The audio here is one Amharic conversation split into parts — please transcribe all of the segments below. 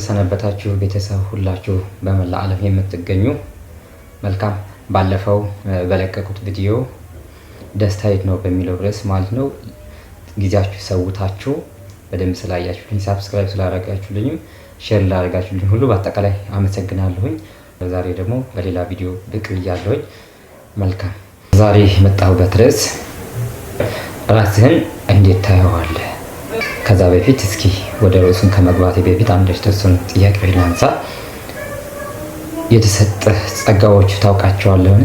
እንደምንሰነበታችሁ ቤተሰብ ሁላችሁ በመላ ዓለም የምትገኙ መልካም። ባለፈው በለቀቁት ቪዲዮ ደስታዬ ነው በሚለው ርዕስ ማለት ነው ጊዜያችሁ ሰውታችሁ በደንብ ስላያችሁልኝ፣ ሳብስክራይብ ስላደረጋችሁልኝም ሼር ላደረጋችሁልኝ ሁሉ በአጠቃላይ አመሰግናለሁኝ። ዛሬ ደግሞ በሌላ ቪዲዮ ብቅ ብያለሁኝ። መልካም። ዛሬ የመጣሁበት ርዕስ ራስህን እንዴት ታየዋለህ ከዛ በፊት እስኪ ወደ ርዕሱን ከመግባቴ በፊት አንድ የተወሰኑ ጥያቄ ላንሳ። የተሰጠህ ጸጋዎቹ ታውቃቸዋለሁን?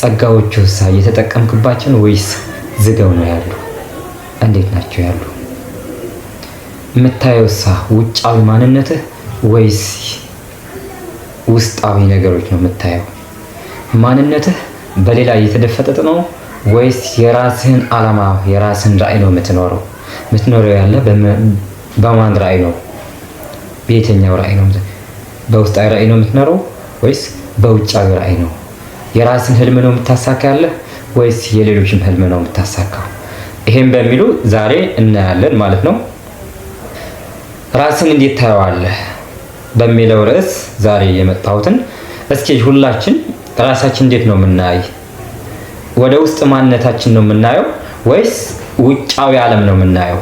ጸጋዎቹ ሳ እየተጠቀምክባቸው ወይስ ዝገው ነው ያሉ? እንዴት ናቸው ያሉ? የምታየው ሳ ውጫዊ ማንነትህ ወይስ ውስጣዊ ነገሮች ነው የምታየው? ማንነትህ በሌላ እየተደፈጠጠ ነው ወይስ የራስህን ዓላማ የራስህን ራዕይ ነው የምትኖረው? ምትኖረው ያለ በማን ራእይ ነው? በየትኛው ራእይ ነው? በውስጣዊ ራእይ ነው የምትኖረው ወይስ በውጫዊ ራእይ ነው? የራስን ህልም ነው የምታሳካ ያለ? ወይስ የሌሎችም ህልም ነው የምታሳካው? ይሄም በሚሉ ዛሬ እናያለን ማለት ነው። ራስን እንዴት ታየዋለህ በሚለው ርዕስ ዛሬ የመጣሁትን እስኪ ሁላችን ራሳችን እንዴት ነው የምናይ? ወደ ውስጥ ማንነታችን ነው የምናየው ወይስ ውጫዊ ዓለም ነው የምናየው?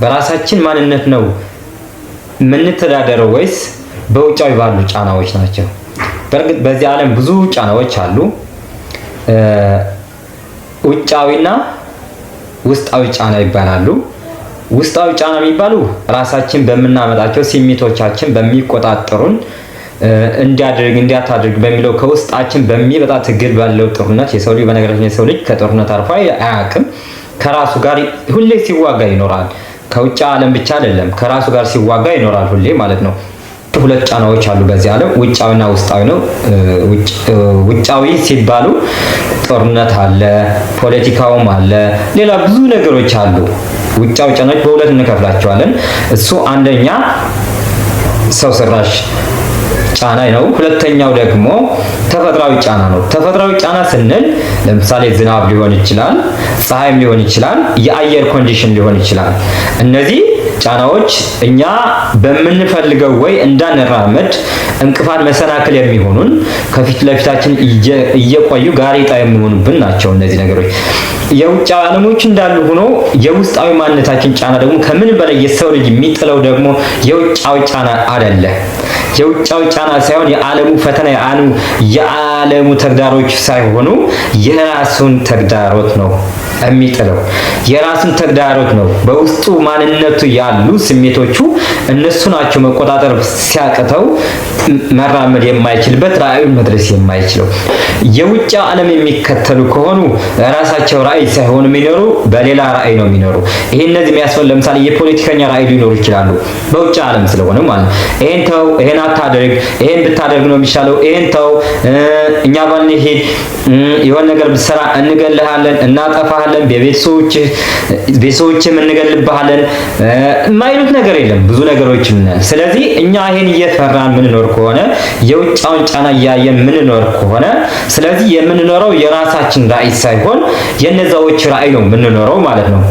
በራሳችን ማንነት ነው የምንተዳደረው ወይስ በውጫዊ ባሉ ጫናዎች ናቸው? በእርግጥ በዚህ ዓለም ብዙ ጫናዎች አሉ። ውጫዊና ውስጣዊ ጫና ይባላሉ። ውስጣዊ ጫና የሚባሉ ራሳችን በምናመጣቸው ስሜቶቻችን በሚቆጣጠሩን እንዲያደርግ እንዲያታደርግ በሚለው ከውስጣችን በሚበጣ ትግል ባለው ጦርነት የሰው ልጅ በነገራችን የሰው ልጅ ከጦርነት አርፎ አያውቅም። ከራሱ ጋር ሁሌ ሲዋጋ ይኖራል። ከውጭ ዓለም ብቻ አይደለም፣ ከራሱ ጋር ሲዋጋ ይኖራል ሁሌ ማለት ነው። ሁለት ጫናዎች አሉ በዚህ ዓለም ውጫዊና ውስጣዊ ነው። ውጫዊ ሲባሉ ጦርነት አለ፣ ፖለቲካውም አለ፣ ሌላ ብዙ ነገሮች አሉ። ውጫዊ ጫናዎች በሁለት እንከፍላቸዋለን። እሱ አንደኛ ሰው ሰራሽ ጫና ነው። ሁለተኛው ደግሞ ተፈጥሯዊ ጫና ነው። ተፈጥሯዊ ጫና ስንል ለምሳሌ ዝናብ ሊሆን ይችላል። ፀሐይም ሊሆን ይችላል፣ የአየር ኮንዲሽን ሊሆን ይችላል። እነዚህ ጫናዎች እኛ በምንፈልገው ወይ እንዳንራመድ እንቅፋት፣ መሰናክል የሚሆኑን ከፊት ለፊታችን እየቆዩ ጋሬጣ የሚሆኑብን ናቸው። እነዚህ ነገሮች የውጭ ዓለሞች እንዳሉ ሆኖ የውስጣዊ ማንነታችን ጫና ደግሞ ከምን በላይ የሰው ልጅ የሚጥለው ደግሞ የውጫዊ ጫና አይደለ። የውጫዊ ጫና ሳይሆን የዓለሙ ፈተና የዓለሙ ተግዳሮች ሳይሆኑ የራሱን ተግዳሮት ነው። የሚጥለው የራሱን ተግዳሮት ነው። በውስጡ ማንነቱ ያሉ ስሜቶቹ እነሱ ናቸው መቆጣጠር ሲያቅተው መራመድ የማይችልበት ራዕዩን መድረስ የማይችለው። የውጭ ዓለም የሚከተሉ ከሆኑ ራሳቸው ራዕይ ሳይሆኑ የሚኖሩ በሌላ ራዕይ ነው የሚኖሩ። ይህ እነዚህ የሚያስፈል ለምሳሌ የፖለቲከኛ ራዕይ ሊኖሩ ይችላሉ በውጭ ዓለም ስለሆነ ማለት ነው። ይህን ተው፣ ይህን አታደርግ፣ ይህን ብታደርግ ነው የሚሻለው፣ ይህን ተው፣ እኛ ባንሄድ፣ የሆነ ነገር ብትሰራ እንገልሃለን፣ እናጠፋሃለን እንገድልሃለን፣ ቤተሰቦች እንገድልብሃለን የማይሉት ነገር የለም። ብዙ ነገሮችን ስለዚህ እኛ ይሄን እየፈራን ምንኖር ከሆነ የውጫውን ጫና እያየን ምንኖር ከሆነ ስለዚህ የምንኖረው የራሳችን ራዕይ ሳይሆን የነዛዎች ራዕይ ነው የምንኖረው ማለት ነው።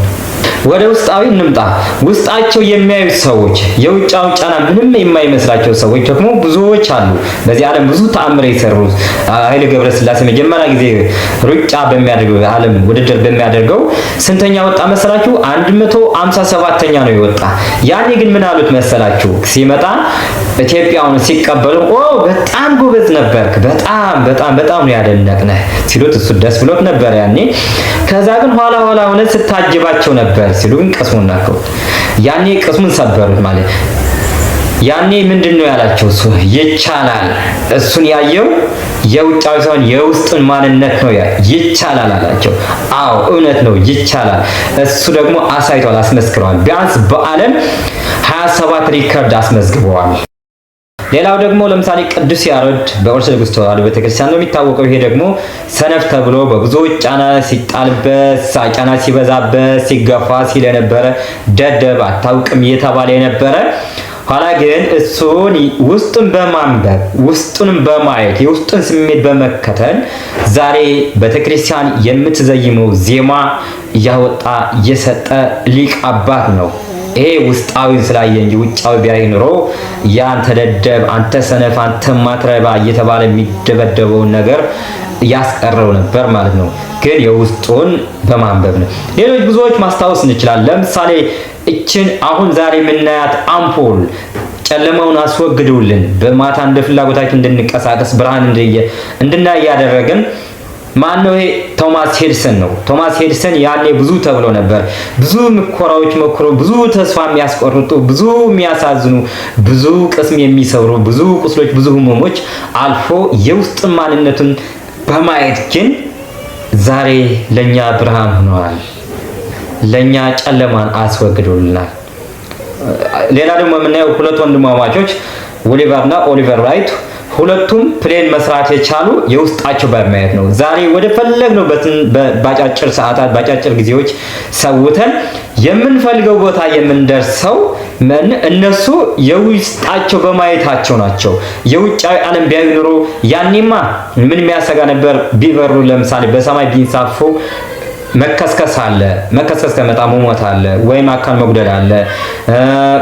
ወደ ውስጣዊ እንምጣ። ውስጣቸው የሚያዩት ሰዎች የውጫው ጫና ምንም የማይመስላቸው ሰዎች ደግሞ ብዙዎች አሉ። በዚህ ዓለም ብዙ ተአምር የሰሩ ኃይሌ ገብረስላሴ መጀመሪያ ጊዜ ሩጫ በሚያደርገው ዓለም ውድድር በሚያደርገው ስንተኛ ወጣ መሰላችሁ? 157ኛ ነው የወጣ። ያኔ ግን ምን አሉት መሰላችሁ? ሲመጣ ኢትዮጵያውን ሲቀበሉ ኦ በጣም ጎበዝ ነበርክ፣ በጣም በጣም በጣም ነው ያደነቅነህ ሲሉት እሱ ደስ ብሎት ነበር ያኔ። ከዛ ግን ኋላ ኋላ ሆነ ስታጅባቸው ነበር ነገር ሲሉን ቅስሙን ናከው። ያኔ ቅስሙን ሰበሩት ማለት ያኔ ምንድን ነው ያላቸው? እሱ ይቻላል። እሱን ያየው የውጫዊ ሳይሆን የውስጡን ማንነት ነው። ይቻላል አላቸው። አዎ እውነት ነው ይቻላል። እሱ ደግሞ አሳይቷል፣ አስመስክረዋል። ቢያንስ በዓለም 27 ሪከርድ አስመዝግበዋል። ሌላው ደግሞ ለምሳሌ ቅዱስ ያሬድ በኦርቶዶክስ ተዋሕዶ ቤተክርስቲያን ነው የሚታወቀው። ይሄ ደግሞ ሰነፍ ተብሎ በብዙዎች ጫና ሲጣልበት፣ ጫና ሲበዛበት፣ ሲገፋ ሲል የነበረ ደደብ፣ አታውቅም እየተባለ የነበረ ኋላ ግን እሱን ውስጡን በማንበብ ውስጡን በማየት የውስጡን ስሜት በመከተል ዛሬ ቤተክርስቲያን የምትዘይመው ዜማ እያወጣ እየሰጠ ሊቅ አባት ነው። ይሄ ውስጣዊ ስላየ እንጂ ውጫዊ ቢያይ ኑሮ ያን ደደብ፣ አንተ ሰነፍ፣ አንተ ማትረባ እየተባለ የሚደበደበውን ነገር ያስቀረው ነበር ማለት ነው። ግን የውስጡን በማንበብ ነው። ሌሎች ብዙዎች ማስታወስ እንችላለን። ለምሳሌ እችን አሁን ዛሬ የምናያት አምፖል ጨለማውን አስወግደውልን በማታ እንደ ፍላጎታችን እንድንቀሳቀስ ብርሃን እንድናይ ያደረገን ማን ነው ይሄ? ቶማስ ሄድሰን ነው። ቶማስ ሄድሰን ያኔ ብዙ ተብሎ ነበር። ብዙ ምኮራዎች መክሮ፣ ብዙ ተስፋ የሚያስቆርጡ፣ ብዙ የሚያሳዝኑ፣ ብዙ ቅስም የሚሰብሩ፣ ብዙ ቁስሎች፣ ብዙ ህመሞች አልፎ የውስጥ ማንነቱን በማየት ግን ዛሬ ለኛ ብርሃን ሆኗል። ለኛ ጨለማን አስወግዶልናል። ሌላ ደግሞ የምናየው ሁለት ወንድማማቾች ኦሊቨርና እና ኦሊቨር ራይት ሁለቱም ፕሌን መስራት የቻሉ የውስጣቸው በማየት ነው። ዛሬ ወደ ፈለግነው ባጫጭር ሰዓታት በአጫጭር ጊዜዎች ሰውተን የምንፈልገው ቦታ የምንደርሰው እነሱ የውስጣቸው በማየታቸው ናቸው። የውጫዊ ዓለም ቢያዩ ኑሮ ያኔማ ምን የሚያሰጋ ነበር? ቢበሩ ለምሳሌ በሰማይ ቢንሳፎ መከስከስ አለ። መከስከስ ከመጣ መሞት አለ ወይም አካል መጉደል አለ።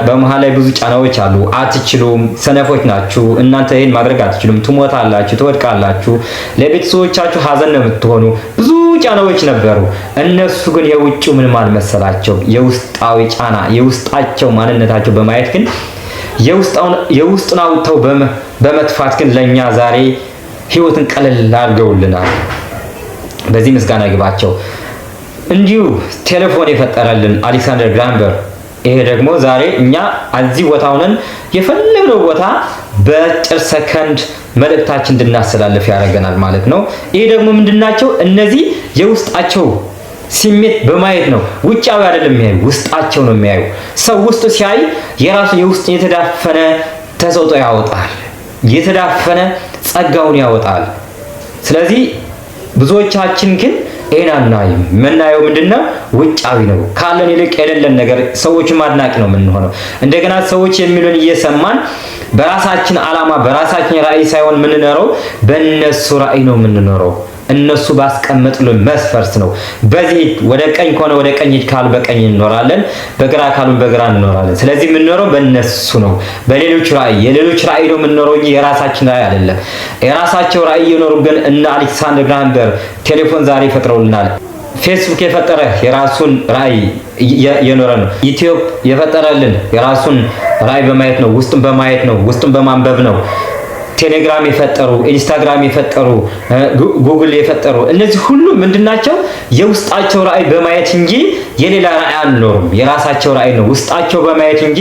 በመሃል ላይ ብዙ ጫናዎች አሉ። አትችሉም፣ ሰነፎች ናችሁ፣ እናንተ ይህን ማድረግ አትችሉም፣ ትሞታላችሁ፣ ትወድቃላችሁ፣ ለቤተሰቦቻችሁ ሀዘን ነው የምትሆኑ። ብዙ ጫናዎች ነበሩ። እነሱ ግን የውጭው ምንም አልመሰላቸው። የውስጣዊ ጫና የውስጣቸው ማንነታቸው በማየት ግን የውስጡን አውጥተው በመጥፋት ግን ለእኛ ዛሬ ህይወትን ቀለል አድርገውልናል። በዚህ ምስጋና ይግባቸው። እንዲሁ ቴሌፎን የፈጠረልን አሌክሳንደር ግራንበር ይሄ ደግሞ ዛሬ እኛ እዚህ ቦታ ሆነን የፈለግነው ቦታ በጭር ሰከንድ መልእክታችን እንድናስተላልፍ ያደርገናል ማለት ነው። ይሄ ደግሞ ምንድናቸው? እነዚህ የውስጣቸው ስሜት በማየት ነው። ውጫዊ አይደለም የሚያዩ ውስጣቸው ነው የሚያዩ። ሰው ውስጡ ሲያይ የራሱ የውስጥ የተዳፈነ ተሰጦ ያወጣል፣ የተዳፈነ ጸጋውን ያወጣል። ስለዚህ ብዙዎቻችን ግን ይህን አናይም። የምናየው ምንድነው? ውጫዊ ነው። ካለን ይልቅ የሌለን ነገር ሰዎች አድናቂ ነው የምንሆነው። እንደገና ሰዎች የሚሉን እየሰማን በራሳችን ዓላማ በራሳችን ራዕይ ሳይሆን የምንኖረው በእነሱ ራዕይ ነው የምንኖረው። እነሱ ባስቀመጡልን መስፈርት ነው። በዚህ ወደ ቀኝ ከሆነ ወደ ቀኝ ሂድ ካሉ በቀኝ እንኖራለን፣ በግራ ካሉ በግራ እንኖራለን። ስለዚህ የምንኖረው በእነሱ ነው፣ በሌሎች ራእይ። የሌሎች ራእይ ነው የምንኖረው እንጂ የራሳችን ራእይ አይደለም። የራሳቸው ራእይ የኖሩ ግን እነ አሌክሳንደር ግራንበር ቴሌፎን ዛሬ ይፈጥረውልናል። ፌስቡክ የፈጠረ የራሱን ራእይ የኖረ ነው። ዩቲዩብ የፈጠረልን የራሱን ራእይ በማየት ነው፣ ውስጡን በማየት ነው፣ ውስጡን በማንበብ ነው። ቴሌግራም የፈጠሩ፣ ኢንስታግራም የፈጠሩ፣ ጉግል የፈጠሩ እነዚህ ሁሉ ምንድናቸው? የውስጣቸው ራዕይ በማየት እንጂ የሌላ ራዕይ አንኖርም። የራሳቸው ራዕይ ነው ውስጣቸው በማየት እንጂ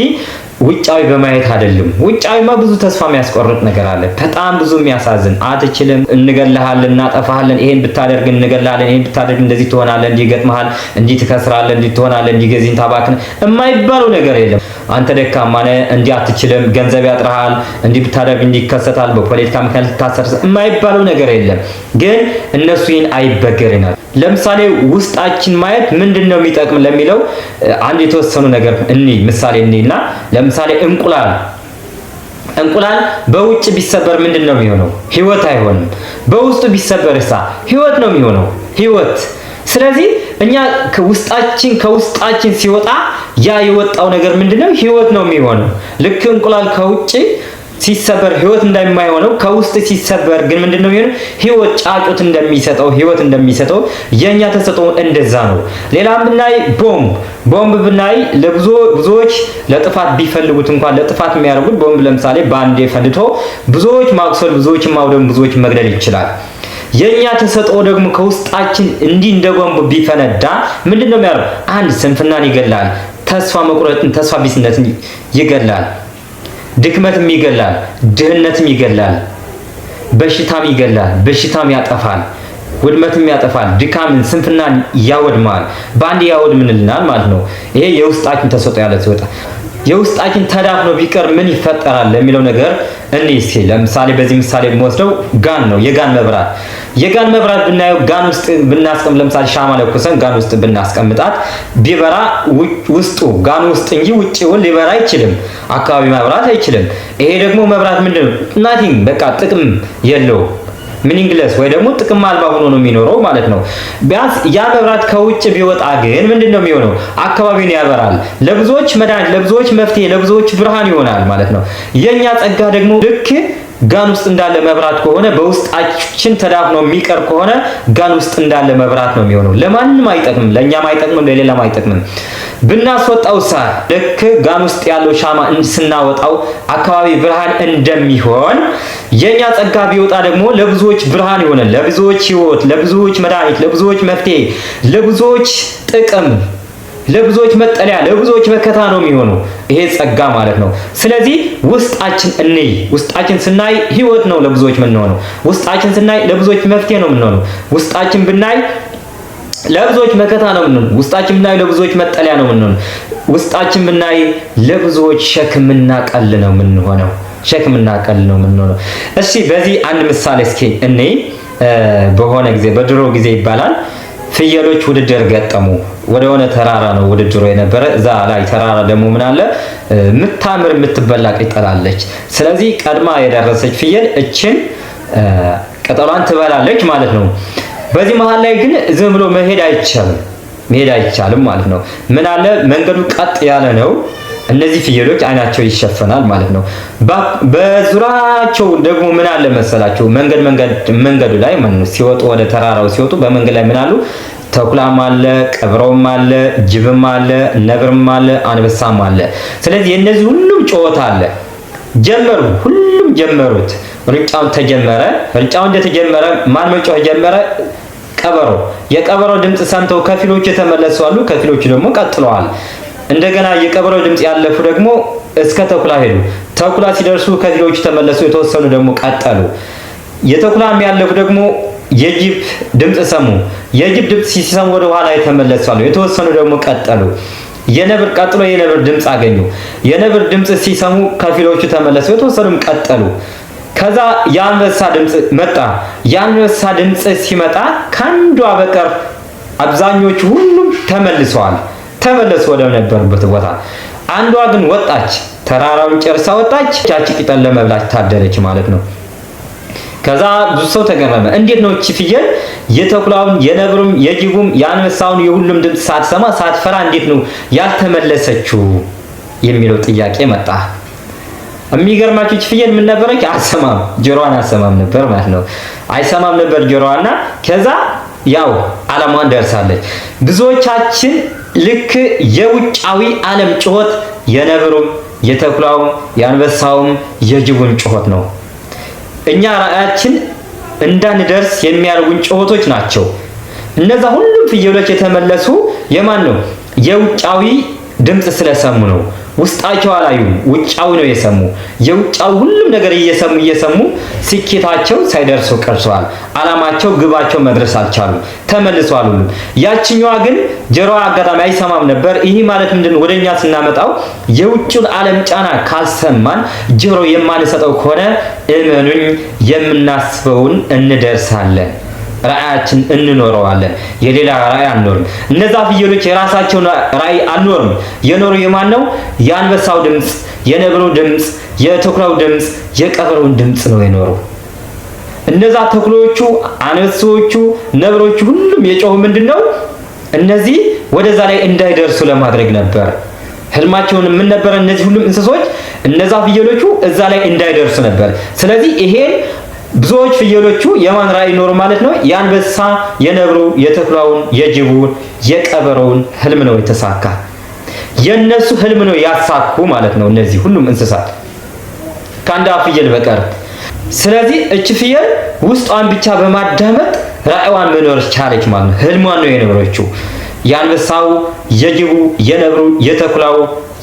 ውጫዊ በማየት አይደለም። ውጫዊማ ብዙ ተስፋ የሚያስቆርጥ ነገር አለ። በጣም ብዙ የሚያሳዝን አትችልም፣ እንገለሃለን፣ እናጠፋሃለን፣ ይሄን ብታደርግ እንገለሃለን፣ ይሄን ብታደርግ እንደዚህ ትሆናለህ፣ እንዲህ ይገጥመሃል፣ እንዲህ ትከስራለህ፣ እንዲህ ትሆናለህ፣ እንዲህ ገዚህን ታባክን የማይባለው ነገር የለም። አንተ ደካማ ነህ፣ እንዲህ አትችልም፣ ገንዘብ ያጥራሃል፣ እንዲህ ብታደርግ እንዲህ ይከሰታል፣ በፖለቲካ ምክንያት ልታሰር የማይባለው ነገር የለም። ግን እነሱ ይህን አይበገሬናል። ለምሳሌ ውስጣችን ማየት ምንድን ነው የሚጠቅም ለሚለው አንድ የተወሰኑ ነገር እኒ ምሳሌ እኒና ለምሳሌ እንቁላል እንቁላል በውጭ ቢሰበር ምንድን ነው የሚሆነው? ህይወት አይሆንም። በውስጡ ቢሰበር ሳ ህይወት ነው የሚሆነው ህይወት ስለዚህ እኛ ከውስጣችን ከውስጣችን ሲወጣ ያ የወጣው ነገር ምንድነው? ህይወት ነው የሚሆነው። ልክ እንቁላል ከውጭ ሲሰበር ህይወት እንደማይሆነው ከውስጥ ሲሰበር ግን ምንድነው የሚሆነው? ህይወት ጫጩት እንደሚሰጠው ህይወት እንደሚሰጠው የኛ ተሰጥኦ እንደዛ ነው። ሌላም ብናይ ቦምብ ቦምብ ብናይ ለብዙ ብዙዎች ለጥፋት ቢፈልጉት እንኳን ለጥፋት የሚያደርጉት ቦምብ ለምሳሌ በአንዴ ፈልቶ ብዙዎች ማቁሰል፣ ብዙዎች ማውደም፣ ብዙዎች መግደል ይችላል። የኛ ተሰጥኦ ደግሞ ከውስጣችን እንዲህ እንደ ቧንቧ ቢፈነዳ ነው የሚያደርገው? አንድ ስንፍናን ይገላል፣ ተስፋ መቁረጥን፣ ተስፋ ቢስነትን ይገላል፣ ድክመትም ይገላል፣ ድህነትም ይገላል፣ በሽታም ይገላል፣ በሽታም ያጠፋል፣ ውድመትም ያጠፋል፣ ድካምን፣ ስንፍናን ያወድማል። በአንድ ያወድምንልናል ማለት ነው። ይሄ የውስጣችን ተሰጥኦ ያለ ሲወጣ የውስጣችን ተዳፍኖ ቢቀር ምን ይፈጠራል የሚለው ነገር እኔ እስኪ ለምሳሌ በዚህ ምሳሌ የምወስደው ጋን ነው። የጋን መብራት የጋን መብራት ብናየው ጋን ውስጥ ብናስቀምጥ ለምሳሌ ሻማ ለኩሰን ጋን ውስጥ ብናስቀምጣት ቢበራ ውስጡ ጋን ውስጥ እንጂ ውጭውን ሊበራ አይችልም። አካባቢ መብራት አይችልም። ይሄ ደግሞ መብራት ምንድነው? ናቲንግ በቃ ጥቅም የለውም። ሚኒንግለስ ወይ ደግሞ ጥቅም አልባ ሆኖ ነው የሚኖረው ማለት ነው። ቢያንስ ያ መብራት ከውጭ ቢወጣ ግን ምንድን ነው የሚሆነው? አካባቢውን ያበራል። ለብዙዎች መድኃኒት፣ ለብዙዎች መፍትሄ፣ ለብዙዎች ብርሃን ይሆናል ማለት ነው። የእኛ ጸጋ ደግሞ ልክ ጋን ውስጥ እንዳለ መብራት ከሆነ በውስጣችን ተዳፍኖ የሚቀር ከሆነ ጋን ውስጥ እንዳለ መብራት ነው የሚሆነው። ለማንም አይጠቅምም፣ ለእኛም አይጠቅምም፣ ለሌላም አይጠቅምም። ብናስወጣው ሳ ልክ ጋን ውስጥ ያለው ሻማ ስናወጣው አካባቢ ብርሃን እንደሚሆን የኛ ጸጋ ቢወጣ ደግሞ ለብዙዎች ብርሃን ይሆነ፣ ለብዙዎች ህይወት ለብዙዎች መድኃኒት፣ ለብዙዎች መፍትሄ፣ ለብዙዎች ጥቅም፣ ለብዙዎች መጠለያ፣ ለብዙዎች መከታ ነው የሚሆነው። ይሄ ጸጋ ማለት ነው። ስለዚህ ውስጣችን እንይ። ውስጣችን ስናይ ህይወት ነው ለብዙዎች የምንሆነው። ውስጣችን ስናይ ለብዙዎች መፍትሄ ነው የምንሆነው። ውስጣችን ብናይ ለብዙዎች መከታ ነው የምንሆነው። ውስጣችን ብናይ ለብዙዎች መጠለያ ነው የምንሆነው። ውስጣችን ብናይ ለብዙዎች ሸክም ቀል ነው የምንሆነው። ሸክም እናቀል ነው የምንሆነው። እሺ በዚህ አንድ ምሳሌ እስኪ እንይ። በሆነ ጊዜ በድሮ ጊዜ ይባላል ፍየሎች ውድድር ገጠሙ። ወደሆነ ተራራ ነው ውድድሩ የነበረ። እዛ ላይ ተራራ ደግሞ ምን አለ ምታምር የምትበላ ቅጠላለች። ስለዚህ ቀድማ የደረሰች ፍየል እችን ቅጠሏን ትበላለች ማለት ነው። በዚህ መሀል ላይ ግን ዝም ብሎ መሄድ አይቻልም፣ መሄድ አይቻልም ማለት ነው። ምን አለ መንገዱ ቀጥ ያለ ነው። እነዚህ ፍየሎች አይናቸው ይሸፈናል ማለት ነው። በዙራቸው ደግሞ ምን አለ መሰላቸው መንገድ መንገድ መንገዱ ላይ ሲወጡ ወደ ተራራው ሲወጡ በመንገድ ላይ ምን አሉ ተኩላም አለ፣ ቀብረውም አለ፣ ጅብም አለ፣ ነብርም አለ፣ አንበሳም አለ። ስለዚህ የነዚህ ሁሉም ጩኸት አለ። ጀመሩ፣ ሁሉም ጀመሩት። ሩጫውን ተጀመረ። ሩጫው እንደተጀመረ ማን መጮህ ጀመረ? ቀበሮ። የቀበሮ ድምፅ ሰምተው ከፊሎቹ የተመለሱ አሉ፣ ከፊሎቹ ደግሞ ቀጥለዋል። እንደገና የቀበሮ ድምፅ ያለፉ ደግሞ እስከ ተኩላ ሄዱ። ተኩላ ሲደርሱ ከፊሎቹ ተመለሱ፣ የተወሰኑ ደግሞ ቀጠሉ። የተኩላም ያለፉ ደግሞ የጅብ ድምፅ ሰሙ። የጅብ ድምፅ ሲሰሙ ወደ ኋላ የተመለሱ አሉ። የተወሰኑ ደግሞ ቀጠሉ። የነብር ቀጥሎ የነብር ድምፅ አገኙ። የነብር ድምፅ ሲሰሙ ከፊሎቹ ተመለሱ፣ የተወሰኑም ቀጠሉ። ከዛ የአንበሳ ድምፅ መጣ። የአንበሳ ድምፅ ሲመጣ ከአንዷ በቀር አብዛኞቹ ሁሉም ተመልሰዋል፣ ተመለሱ ወደ ነበሩበት ቦታ። አንዷ ግን ወጣች፣ ተራራውን ጨርሳ ወጣች። ያቺ ቅጠል ለመብላት ታደለች ማለት ነው። ከዛ ብዙ ሰው ተገመመ። እንዴት ነው እቺ ፍየል የተኩላውን፣ የነብሩም፣ የጅቡም፣ የአንበሳውን የሁሉም ድምፅ ሳትሰማ ሳትፈራ እንዴት ነው ያልተመለሰችው የሚለው ጥያቄ መጣ። የሚገርማችሁ እቺ ፍየል ምን ነበረች? አሰማም ጆሮዋን አሰማም ነበር ማለት ነው። አይሰማም ነበር ጆሮዋና ከዛ ያው ዓላሟን ደርሳለች። ብዙዎቻችን ልክ የውጫዊ ዓለም ጩኸት የነብሩም፣ የተኩላውም፣ የአንበሳውም የጅቡም ጩኸት ነው እኛ ራእያችን እንዳንደርስ የሚያርጉን ጩኸቶች ናቸው። እነዛ ሁሉም ፍየሎች የተመለሱ የማን ነው? የውጫዊ ድምፅ ስለሰሙ ነው። ውስጣቸው አላዩም፣ ውጫዊ ነው የሰሙ። የውጫዊ ሁሉም ነገር እየሰሙ እየሰሙ ስኬታቸው ሳይደርሱ ቀርሰዋል። አላማቸው ግባቸው መድረስ አልቻሉም፣ ተመልሰዋል ሁሉም። ያችኛዋ ግን ጆሮዋ አጋጣሚ አይሰማም ነበር። ይህ ማለት ምንድነው? ወደኛ ስናመጣው የውጭውን ዓለም ጫና ካልሰማን ጆሮ የማንሰጠው ከሆነ እመኑኝ የምናስበውን እንደርሳለን። ራእያችን እንኖረዋለን። የሌላ ራእይ አንኖርም። እነዛ ፍየሎች የራሳቸውን ራእይ አልኖርም። የኖሩ የማን ነው? የአንበሳው ድምፅ፣ የነብሩ ድምፅ፣ የተኩላው ድምፅ፣ የቀበሮውን ድምፅ ነው የኖሩ። እነዛ ተኩሎቹ፣ አንበሶቹ፣ ነብሮቹ ሁሉም የጮሁ ምንድን ነው? እነዚህ ወደዛ ላይ እንዳይደርሱ ለማድረግ ነበር። ህልማቸውን ምን ነበረ? እነዚህ ሁሉም እንስሶች እነዛ ፍየሎቹ እዛ ላይ እንዳይደርሱ ነበር። ስለዚህ ይሄን ብዙዎች ፍየሎቹ የማን ራዕይ ኖሩ ማለት ነው? የአንበሳ የነብሩ የተኩላውን የጅቡን የቀበረውን ህልም ነው የተሳካ። የነሱ ህልም ነው ያሳኩ ማለት ነው። እነዚህ ሁሉም እንስሳት ከአንድ ፍየል በቀር። ስለዚህ እች ፍየል ውስጧን ብቻ በማዳመጥ ራእዋን መኖር ቻለች ማለት ነው። ህልሟን ነው የነበረችው። የአንበሳው የጅቡ የነብሩ የተኩላው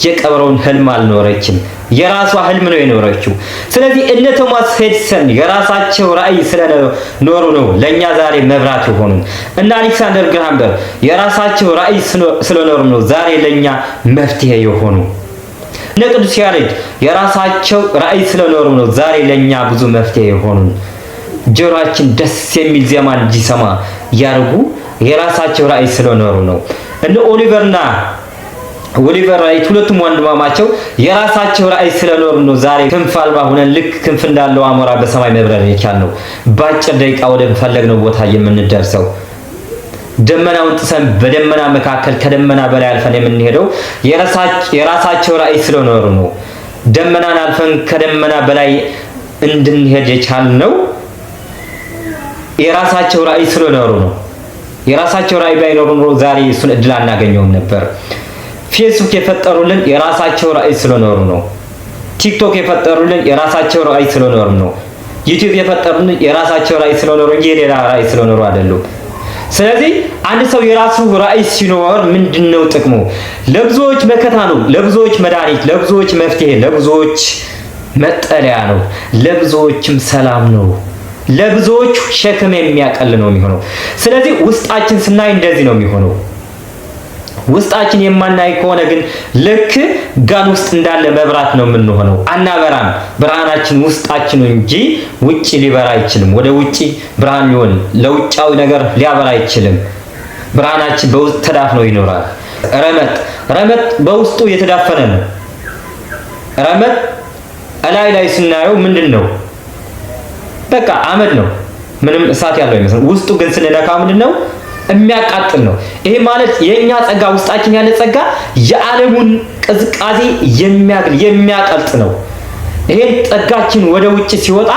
የቀበረውን ህልም አልኖረችም። የራሷ ህልም ነው የኖረችው። ስለዚህ እነ ቶማስ ሄድሰን የራሳቸው ራዕይ ስለኖሩ ነው ለእኛ ዛሬ መብራት የሆኑን። እነ አሌክሳንደር ግራምበር የራሳቸው ራዕይ ስለኖሩ ነው ዛሬ ለእኛ መፍትሄ የሆኑ። እነ ቅዱስ ያሬድ የራሳቸው ራዕይ ስለኖሩ ነው ዛሬ ለእኛ ብዙ መፍትሄ የሆኑን። ጆሮአችን ደስ የሚል ዜማ እንዲሰማ ያርጉ። የራሳቸው ራዕይ ስለኖሩ ነው። እነ ኦሊቨርና ኦሊቨር ራይት ሁለቱም ወንድማማቸው የራሳቸው ራዕይ ስለኖር ነው ዛሬ ክንፍ አልባ ሆነን ልክ ክንፍ እንዳለው አሞራ በሰማይ መብረር ነው በአጭር ደቂቃ ወደ ፈለግነው ቦታ የምንደርሰው ደመናውን ጥሰን በደመና መካከል ከደመና በላይ አልፈን የምንሄደው የራሳቸው ራዕይ ስለኖሩ ነው። ደመናን አልፈን ከደመና በላይ እንድንሄድ ነው። የራሳቸው ራዕይ ስለኖሩ ነው። የራሳቸው ራዕይ ባይኖሩ ኖሮ ዛሬ እሱን እድል አናገኘውም ነበር። ፌስቡክ የፈጠሩልን የራሳቸው ራዕይ ስለኖሩ ነው። ቲክቶክ የፈጠሩልን የራሳቸው ራዕይ ስለኖሩ ነው። ዩቲዩብ የፈጠሩልን የራሳቸው ራዕይ ስለኖሩ እንጂ የሌላ ራዕይ ስለኖሩ አይደሉም። ስለዚህ አንድ ሰው የራሱ ራዕይ ሲኖር ምንድን ነው ጥቅሙ? ለብዙዎች መከታ ነው፣ ለብዙዎች መድኃኒት፣ ለብዙዎች መፍትሄ፣ ለብዙዎች መጠለያ ነው፣ ለብዙዎችም ሰላም ነው፣ ለብዙዎች ሸክም የሚያቀል ነው የሚሆነው። ስለዚህ ውስጣችን ስናይ እንደዚህ ነው የሚሆነው። ውስጣችን የማናይ ከሆነ ግን ልክ ጋን ውስጥ እንዳለ መብራት ነው የምንሆነው። አናበራም። ብርሃናችን ውስጣችን እንጂ ውጪ ሊበራ አይችልም። ወደ ውጪ ብርሃን ሊሆን ለውጫዊ ነገር ሊያበራ አይችልም። ብርሃናችን በውስጥ ተዳፍኖ ይኖራል። ረመጥ ረመጥ በውስጡ የተዳፈነ ነው። ረመጥ እላይ ላይ ስናየው ምንድን ነው? በቃ አመድ ነው። ምንም እሳት ያለው አይመስልም። ውስጡ ግን ስንነካ ምንድን ነው? የሚያቃጥል ነው። ይሄ ማለት የኛ ጸጋ ውስጣችን ያለ ጸጋ የዓለሙን ቅዝቃዜ የሚያግል የሚያቀልጥ ነው። ይሄን ጸጋችን ወደ ውጭ ሲወጣ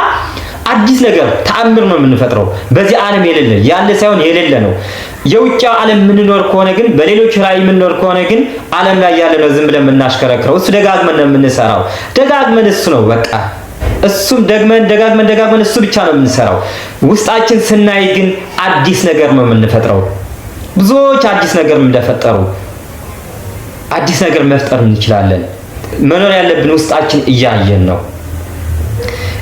አዲስ ነገር ተአምር ነው የምንፈጥረው። በዚህ ዓለም የሌለ ያለ ሳይሆን የሌለ ነው። የውጭ ዓለም የምንኖር ከሆነ ግን በሌሎች ራዕይ የምንኖር ከሆነ ግን ዓለም ላይ ያለ ነው ዝም ብለን የምናሽከረክረው። እሱ ደጋግመን ነው የምንሰራው። ደጋግመን እሱ ነው በቃ እሱም ደግመን ደጋግመን ደጋግመን እሱ ብቻ ነው የምንሰራው። ውስጣችን ስናይ ግን አዲስ ነገር ነው የምንፈጥረው። ብዙዎች አዲስ ነገር እንደፈጠሩ አዲስ ነገር መፍጠር እንችላለን። መኖር ያለብን ውስጣችን እያየን ነው።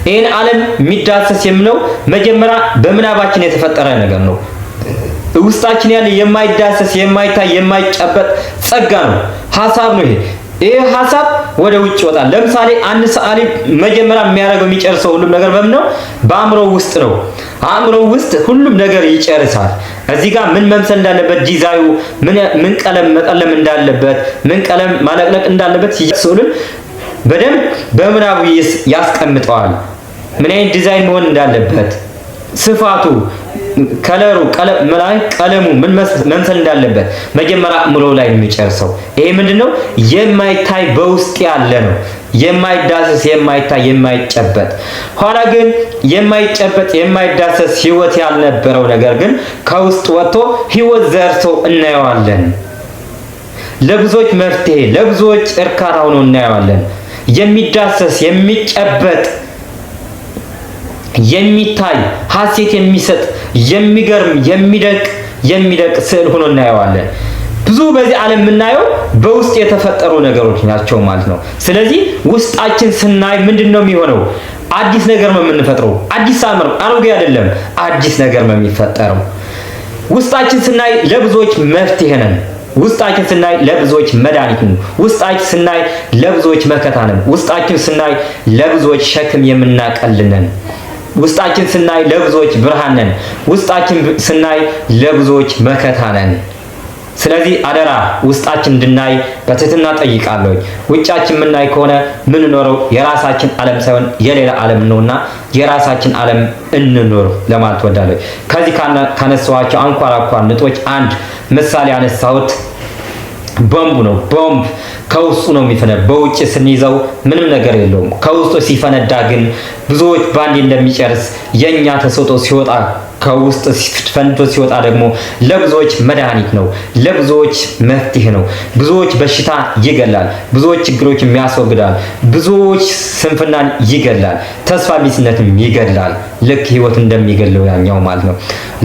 ይህን ዓለም የሚዳሰስ የምለው መጀመሪያ በምናባችን የተፈጠረ ነገር ነው። ውስጣችን ያለ የማይዳሰስ የማይታይ የማይጨበጥ ጸጋ ነው፣ ሀሳብ ነው። ይሄ ይህ ሀሳብ ወደ ውጭ ይወጣል። ለምሳሌ አንድ ሰዓሊ መጀመሪያ የሚያደርገው የሚጨርሰው ሁሉም ነገር በምን ነው? በአእምሮ ውስጥ ነው። አእምሮ ውስጥ ሁሉም ነገር ይጨርሳል። እዚህ ጋር ምን መምሰል እንዳለበት ዲዛዩ፣ ምን ቀለም መቀለም እንዳለበት፣ ምን ቀለም ማለቅለቅ እንዳለበት ሲስሉን በደንብ በምናቡ ያስቀምጠዋል። ምን አይነት ዲዛይን መሆን እንዳለበት ስፋቱ ከለሩ ቀለሙ ምን መምሰል እንዳለበት መጀመሪያ ምሎ ላይ የሚጨርሰው ይሄ ምንድነው? የማይታይ በውስጥ ያለ ነው። የማይዳሰስ የማይታይ የማይጨበጥ ኋላ ግን የማይጨበጥ የማይዳሰስ ህይወት ያልነበረው ነገር ግን ከውስጥ ወጥቶ ህይወት ዘርቶ እናየዋለን። ለብዙዎች መፍትሄ፣ ለብዙዎች እርካታ ሆኖ እናየዋለን። የሚዳሰስ የሚጨበጥ የሚታይ ሀሴት የሚሰጥ የሚገርም የሚደቅ የሚደቅ ስዕል ሆኖ እናየዋለን። ብዙ በዚህ ዓለም የምናየው በውስጥ የተፈጠሩ ነገሮች ናቸው ማለት ነው። ስለዚህ ውስጣችን ስናይ ምንድን ነው የሚሆነው? አዲስ ነገር ነው የምንፈጥረው። አዲስ ሳምር አሮጌ አይደለም፣ አዲስ ነገር ነው የሚፈጠረው። ውስጣችን ስናይ ለብዙዎች መፍትሄ ነን። ውስጣችን ስናይ ለብዙዎች መድኃኒት ነው። ውስጣችን ስናይ ለብዙዎች መከታ ነን። ውስጣችን ስናይ ለብዙዎች ሸክም የምናቀልነን ውስጣችን ስናይ ለብዙዎች ብርሃን ነን፣ ውስጣችን ስናይ ለብዙዎች መከታ ነን። ስለዚህ አደራ ውስጣችን እንድናይ በትህትና ጠይቃለሁ። ውጫችን የምናይ ከሆነ ኖረው የራሳችን ዓለም ሳይሆን የሌላ ዓለም ነውና የራሳችን ዓለም እንኖር ለማለት ወዳለሁ። ከዚህ ካነሳኋቸው አንኳር አንኳር ንጦች አንድ ምሳሌ ያነሳሁት ቦምብ ነው። ቦምብ ከውስጡ ነው የሚፈነዳ። በውጭ ስንይዘው ምንም ነገር የለውም። ከውስጡ ሲፈነዳ ግን ብዙዎች በአንዴ እንደሚጨርስ የእኛ ተሰጦ ሲወጣ ከውስጥ ፈንቶ ሲወጣ ደግሞ ለብዙዎች መድኃኒት ነው፣ ለብዙዎች መፍትሄ ነው። ብዙዎች በሽታ ይገላል፣ ብዙዎች ችግሮችን ሚያስወግዳል ብዙዎች ስንፍናን ይገላል፣ ተስፋ ቢስነትም ይገላል። ልክ ህይወት እንደሚገለው ያኛው ማለት ነው።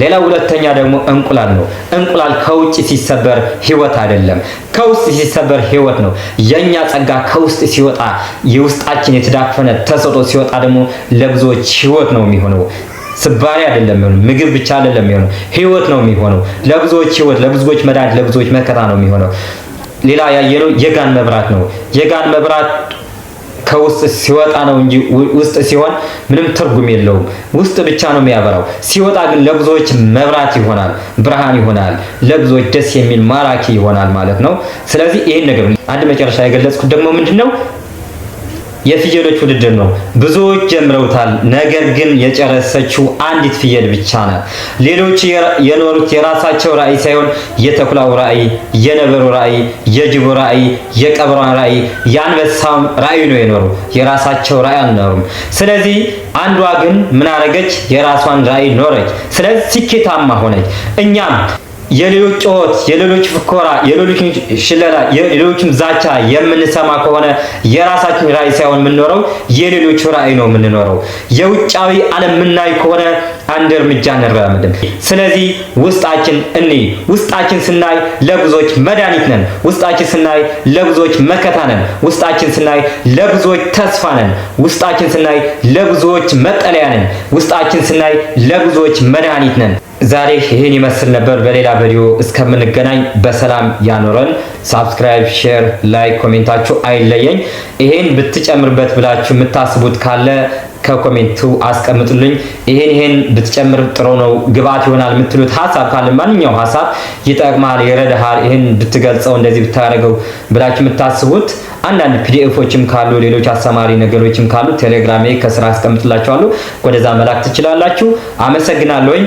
ሌላ ሁለተኛ ደግሞ እንቁላል ነው። እንቁላል ከውጭ ሲሰበር ህይወት አይደለም፣ ከውስጥ ሲሰበር ህይወት ነው። የኛ ጸጋ ከውስጥ ሲወጣ የውስጣችን የተዳፈነ ተሰጦ ሲወጣ ደግሞ ለብዙዎች ህይወት ነው የሚሆነው። ስባሪ አይደለም የሚሆነው፣ ምግብ ብቻ አይደለም የሚሆነው፣ ህይወት ነው የሚሆነው። ለብዙዎች ህይወት፣ ለብዙዎች መድኃኒት፣ ለብዙዎች መከታ ነው የሚሆነው። ሌላ ያየነው የጋን መብራት ነው። የጋን መብራት ከውስጥ ሲወጣ ነው እንጂ ውስጥ ሲሆን ምንም ትርጉም የለውም። ውስጥ ብቻ ነው የሚያበራው። ሲወጣ ግን ለብዙዎች መብራት ይሆናል፣ ብርሃን ይሆናል፣ ለብዙዎች ደስ የሚል ማራኪ ይሆናል ማለት ነው። ስለዚህ ይህን ነገር አንድ መጨረሻ የገለጽኩት ደግሞ ምንድን ነው የፍየሎች ውድድር ነው። ብዙዎች ጀምረውታል፣ ነገር ግን የጨረሰችው አንዲት ፍየል ብቻ ናት። ሌሎች የኖሩት የራሳቸው ራዕይ ሳይሆን የተኩላው ራዕይ፣ የነበሩ ራዕይ፣ የጅቡ ራዕይ፣ የቀበሯን ራዕይ፣ የአንበሳም ራዕይ ነው የኖሩ። የራሳቸው ራዕይ አልኖሩም። ስለዚህ አንዷ ግን ምን አረገች? የራሷን ራዕይ ኖረች። ስለዚህ ስኬታማ ሆነች። እኛም የሌሎች ጩኸት፣ የሌሎች ፍኮራ፣ የሌሎች ሽለላ፣ የሌሎችም ዛቻ የምንሰማ ከሆነ የራሳችን ራይ ሳይሆን የምንኖረው የሌሎች ራይ ነው የምንኖረው። የውጫዊ ዓለም የምናይ ከሆነ አንድ እርምጃ እንራመድም። ስለዚህ ውስጣችን እንይ። ውስጣችን ስናይ ለብዙዎች መድኃኒት ነን። ውስጣችን ስናይ ለብዙዎች መከታ ነን። ውስጣችን ስናይ ለብዙዎች ተስፋ ነን። ውስጣችን ስናይ ለብዙዎች መጠለያ ነን። ውስጣችን ስናይ ለብዙዎች መድኃኒት ነን። ዛሬ ይህን ይመስል ነበር። በሌላ ቪዲዮ እስከምንገናኝ በሰላም ያኖረን። ሳብስክራይብ፣ ሼር፣ ላይክ ኮሜንታችሁ አይለየኝ። ይሄን ብትጨምርበት ብላችሁ የምታስቡት ካለ ከኮሜንቱ አስቀምጡልኝ። ይሄን ይሄን ብትጨምር ጥሩ ነው ግብዓት ይሆናል የምትሉት ሀሳብ ካለ ማንኛውም ሀሳብ ይጠቅማል፣ ይረዳሃል፣ ይሄን ብትገልጸው እንደዚህ ብታደርገው ብላችሁ የምታስቡት አንዳንድ ፒዲኤፎችም ካሉ ሌሎች አስተማሪ ነገሮችም ካሉ ቴሌግራሜ ከስራ አስቀምጥላችኋለሁ። ወደዛ መላክ ትችላላችሁ። አመሰግናለሁኝ።